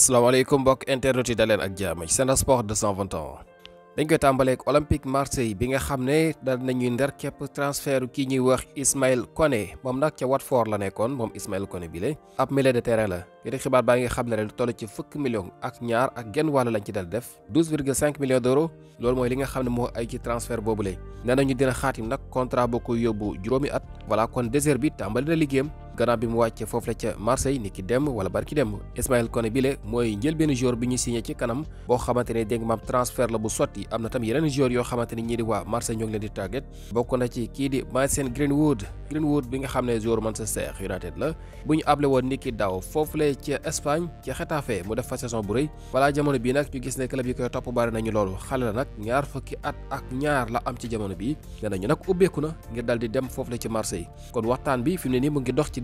salaamaaleykum mbokk internet yi daleen ak jàmm ci Sen Sport 221 dañ koy tàmbaleek Olympique Marseille bi nga xam ne dal nañuy nder képp transfer kii ñuy wax Ismaël Koné moom nag ca Watford la nekkoon moom Ismaël Koné bile ab milieu de terrain la yéen xibaar baa ngi xam ne lu toll ci fukk million ak ñaar ak genn wàll lañ ci dal def 12,5 millions loolu mooy li nga xam ne moo ay ci transfert boobule nee nañu dina xaatim nag contrat boo ko yóbbu juróomi at voilà kon désert bi tàmbali na liggéeyam gannaaw bi mu wàcce foofu la ca Marseille ni ki dem wala barki dem Ismaël Koné bile mooy njëlbéenu joueur bi ñu signé ci kanam boo xamante ne dégg maam transfert la bu sotti am na tam yeneen joueur yoo xamante ne ñii di waa Marseille ñoo ngi leen di tàggat bokk na ci kii di Mason Greenwood Greenwood bi nga xam ne joueur Manchester United la bu ñu able woon ni ki foofu la ca Espagne ca Xetafe mu def fa saison bu rëy voilà jamono bii nag ñu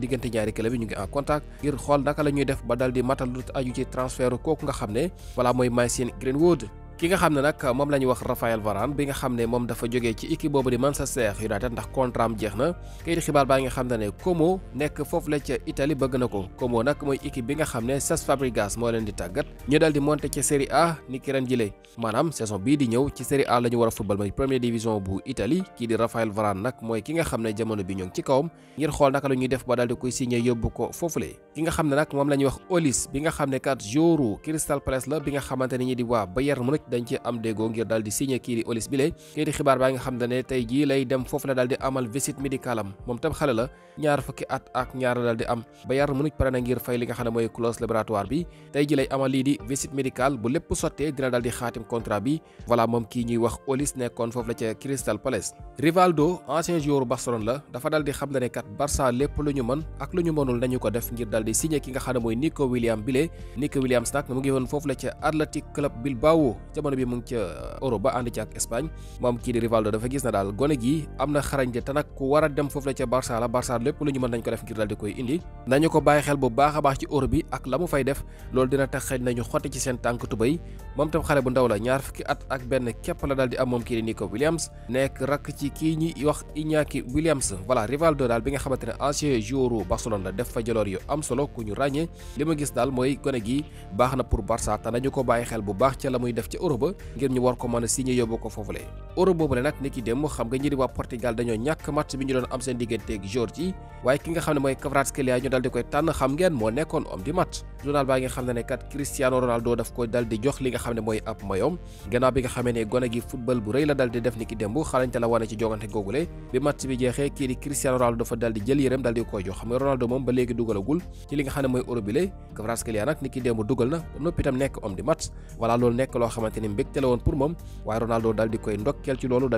yi diggante ñaari club yi ñu ngi en contact ngir xool naka la ñuy def ba dal di matal aju ci transfert kooku nga xam ne voilà mooy Mason Greenwood ki nga xam ne nag moom la wax Raphaël Varane bi nga xam ne moom dafa jógee ci équipe boobu di Manchester United ndax contrat jeex na kayit xibaar baa nga xam ne ne Como nekk foofu la ca Italie bëgg na ko Como nag mooy équipe bi nga xam ne Cesc Fabregas moo leen di tàggat ñu dal di ca Serie A ni ki ren jile maanaam saison bii di ñëw ci Serie A la ñu war a football mooy division bu Italie kii di Raphaël Varane nag mooy ki nga xam ne jamono bi ñoo ngi ci kawam ngir xool naka la ñuy def ba daal di dañ ci am dégo ngir daal di signé kii di olis bile kii di xibaar ba nga xam dañé tay ji lay dem fofu la amal visite médicale am moom tam xalé la ñaar fukki at ak ñaar la am ba yar mënuj pare na ngir fay li nga xam moy clause laboratoire bi tay ji lay amal li di visite médicale bu lepp soté dina di contrat bi voilà mom ki ñuy wax olis nekkoon fofu la ci Crystal Palace Rivaldo ancien joueur Barcelone la dafa daal di xam dañé kat Barça lepp luñu mën ak luñu mënul dañu ko def ngir daal di signé ki nga xam moy Nico Williams bile Nico Williams nak mu ngi won fofu la ci Athletic Club Bilbao jamono bi mu ngi ca Europe ba ànd ci ak Espagne moom kii di Rivaldo dafa gis na daal gone gi am na xarañte te nag ku war a dem foofu la ca Barça la Barça lépp lu ñu mën nañ ko def ngir daal koy indi nañu ko bàyyi xel bu baax a baax ci Europe bi ak la mu fay def loolu dina tax xëy nañu xotti ci seen tànk tubéy moom tam xale bu ndaw la ñaar fukki at ak benn képp la daal am moom kii di Nico Williams nekk rakk ci kii ñuy wax Iñaki Williams voilà Rivaldo daal bi nga xamante ne ancien joueur Barcelone la def fa jaloor yu am solo ku ñu ràññee li ma gis daal mooy gone gi baax na pour Barça te nañu ko bàyyi xel bu baax ca la muy def ca Europe ngir ñu war ko mën a signé yóbbu ko foofule Europe boobule nag ni ki démb xam nga ñi di waa Portugal dañoo ñàkk match xam ne mooy ab mayoom gannaaw bi nga xamee ne gone gi football bu rëy la dal def ni ki démb xarañte la wane ci jogante googule bi match bi jeexee kii di Cristiano dafa dal jël yërëm dal koy jox xam nga Ronaldo moom ba léegi dugalagul ci li nga xam ne mooy euro bi lay Kvaratskhelia nag ni ki démb dugal na noppi itam nekk homme di match voilà loolu nekk loo xamante ni mbégte la woon pour moom waaye Ronaldo dal koy ndokkeel ci loolu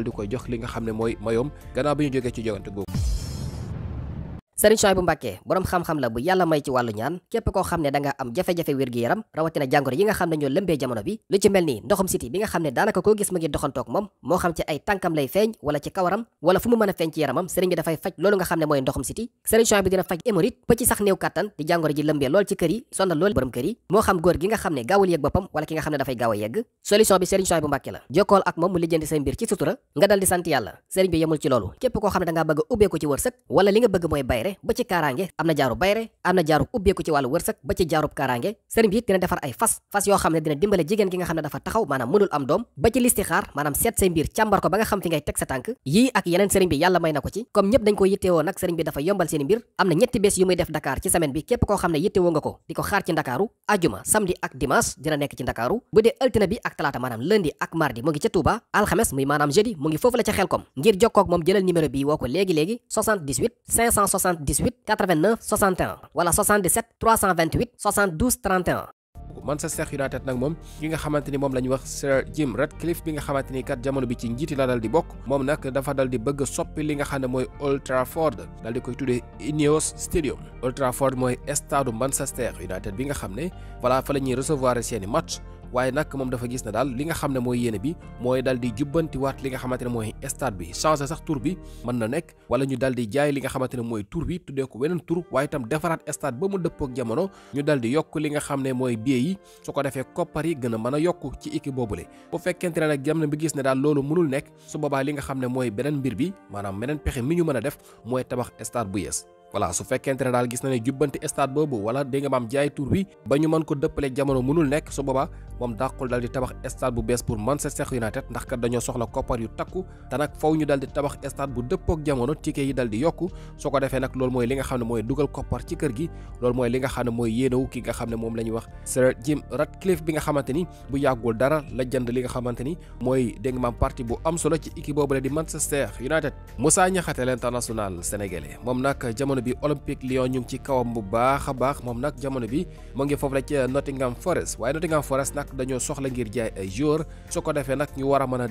sëriñ Souhaïbou Mbacké borom xam-xam la bu yalla may ci walu ñaan képp ko da danga am jafé jafé wér wér-gi-yaram rawatina jàngoro yi nga xam ñoo lembé jamono bi lu ci melni ndoxum city bi nga xam ne daanaka gis ma ngi doxantoog mom mo xam ci ay tankam lay feñ wala ci kawaram wala fu mu mën feñ ci yaramam serigne bi fay fajj lolu nga xam moy neukatan ndoxum siti sëriñ Souhaïbou dina fajj hémorroïde ba ci sax new katan di jàngoro ji lembé lool ci kër yi sonna lool borom kër yi mo xam góor gi nga xam ne yegg wala ki nga xam da fay gawa yegg solution bi sëriñ Souhaïbou Mbacké la jokol ak mom mu lijeenti say mbir ci sutura nga dal di sant yàlla bi yamul ci lolu képp ko xam da nga bëgg ko ci wërsekk wala li nga bëgg moy bay bayre ba ci karange amna jaaru bayre amna jaaru ubbeeku ci walu wërsek ba ci jaarub karange serigne bi dina defar ay fas fas yo xamne dina dimbalé jigen gi nga xamne dafa taxaw manam mënul am dom ba ci listixar manam set say mbir ciambar ko ba nga xam fi ngay tek sa tank yi ak yenen serigne bi yalla may nako ci comme ñep dañ ko yittewo nak serigne bi dafa yombal seen mbir amna ñetti bes yu muy def dakar ci semaine bi kep ko xamne yittewo nga ko diko xaar ci dakaru aljuma samedi ak dimanche dina nek ci dakaru bu dé altina bi ak talata manam lundi ak mardi mo ngi ci touba alxames muy manam jeudi mo ngi fofu la ci xelkom ngir ak mom jëlal numéro bi woko légui légui 78 560 78 89 61 wala 77 328 72 31. Manchester United nak mom ki nga xamanteni mom moom wax Sir Jim Ratcliffe bi nga xamanteni kat jamono bi ci njiti la dal di bokk moom nag dafa dal di bëgg soppi li nga xamne moy Old Trafford dal di koy tuddé Ineos Stadium Old Trafford moy stade Manchester United bi nga xam voilà fa la recevoir seeni match waaye nag moom dafa gis ne daal li nga xam ne mooy yéene bi mooy dal di jubbantiwaat li nga xamante ne mooy stade bi changé sax tur bi mën na nekk wala ñu daal di jaay li nga xamante ne mooy tur bi tuddee ko weneen tur waaye itam defaraat stade ba mu dëppoo ak jamono ñu daal yokk li nga xam ne mooy billet yi su ko defee koppar yi gën a mën a yokk ci équipe boobule bu fekkente ne nag jamono bi gis ne daal loolu mënul nekk su boobaa li nga xam ne mooy beneen mbir bi maanaam pexe mi ñu mën a def mooy tabax stade bu yees voilà su fekkente ne daal gis na ne jubbanti stade boobu wala dégg nga maam jaay tur bi ba ñu mën ko dëppale jamono mënul nekk su boobaa moom dàqul daal di tabax stade bu bees pour Manchester United ndax kat dañoo soxla koppar yu takku te nag faw ñu daal di tabax stade bu dëppook jamono ticket yi daal di yokku su ko defee nag loolu mooy li nga xam ne mooy dugal koppar ci kër gi loolu mooy li nga xam ne mooy yéenewu ki nga xam ne moom la ñuy wax Sir Jim Ratcliffe bi nga xamante ni bu yàggul dara la jënd li nga xamante ni mooy dégg parti bu am solo ci équipe boobu la di Manchester United Moussa Niakhaté l'international sénégalais moom nag jamono jamono bi Olympique Lyon ñu ci kawam bu baax a baax moom nag jamono bi mu ngi foofu la ci Nottingham Forest waaye Nottingham Forest nag dañoo soxla ngir jaay ay joueur su ko defee nag ñu war a mën a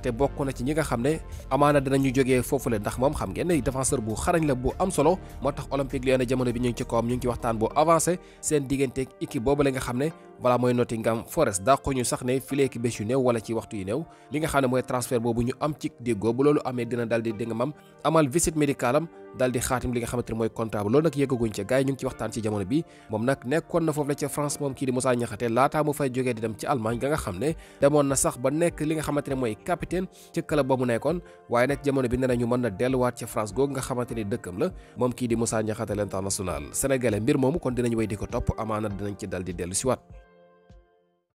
a baax dinañu jógee foofu le ndax moom xam ngeen ne bu xarañ la bu am solo solo moo tax olympique Lyonnais jamono bi ñu ci kawam ñu ngi waxtaan bu avancé seen digganteeg équipe boobu la nga xam ne voilà mooy Nottingham Forest dàqu ñu sax ne fileeki bés yu néew wala ci waxtu yu néew li nga xam ne mooy transfert boobu ñu am ci déggoo bu loolu amee dina daal di dégg mam amal visite médicale am xaatim li nga xamante ne mooy comptable loolu nag yëggaguñ ca gars yi ñu ngi ci waxtaan ci jamono bi moom nag nekkoon na foofu la ca France moom kii di Moussa Niakhaté laataa mu fay jógee di dem ci Allemagne ga nga xam ne demoon na sax ba nekk li nga xamante ne mooy capitaine ci club ba mu nekkoon waaye nag jamono bi mën na delluwaat ca France googu nga xamante ni dëkkam la moom kii di Moussa Niakhaté l'international sénégalais mbir moomu kon dinañ way di ko topp amaana dinañ ci dal di dellu siwaat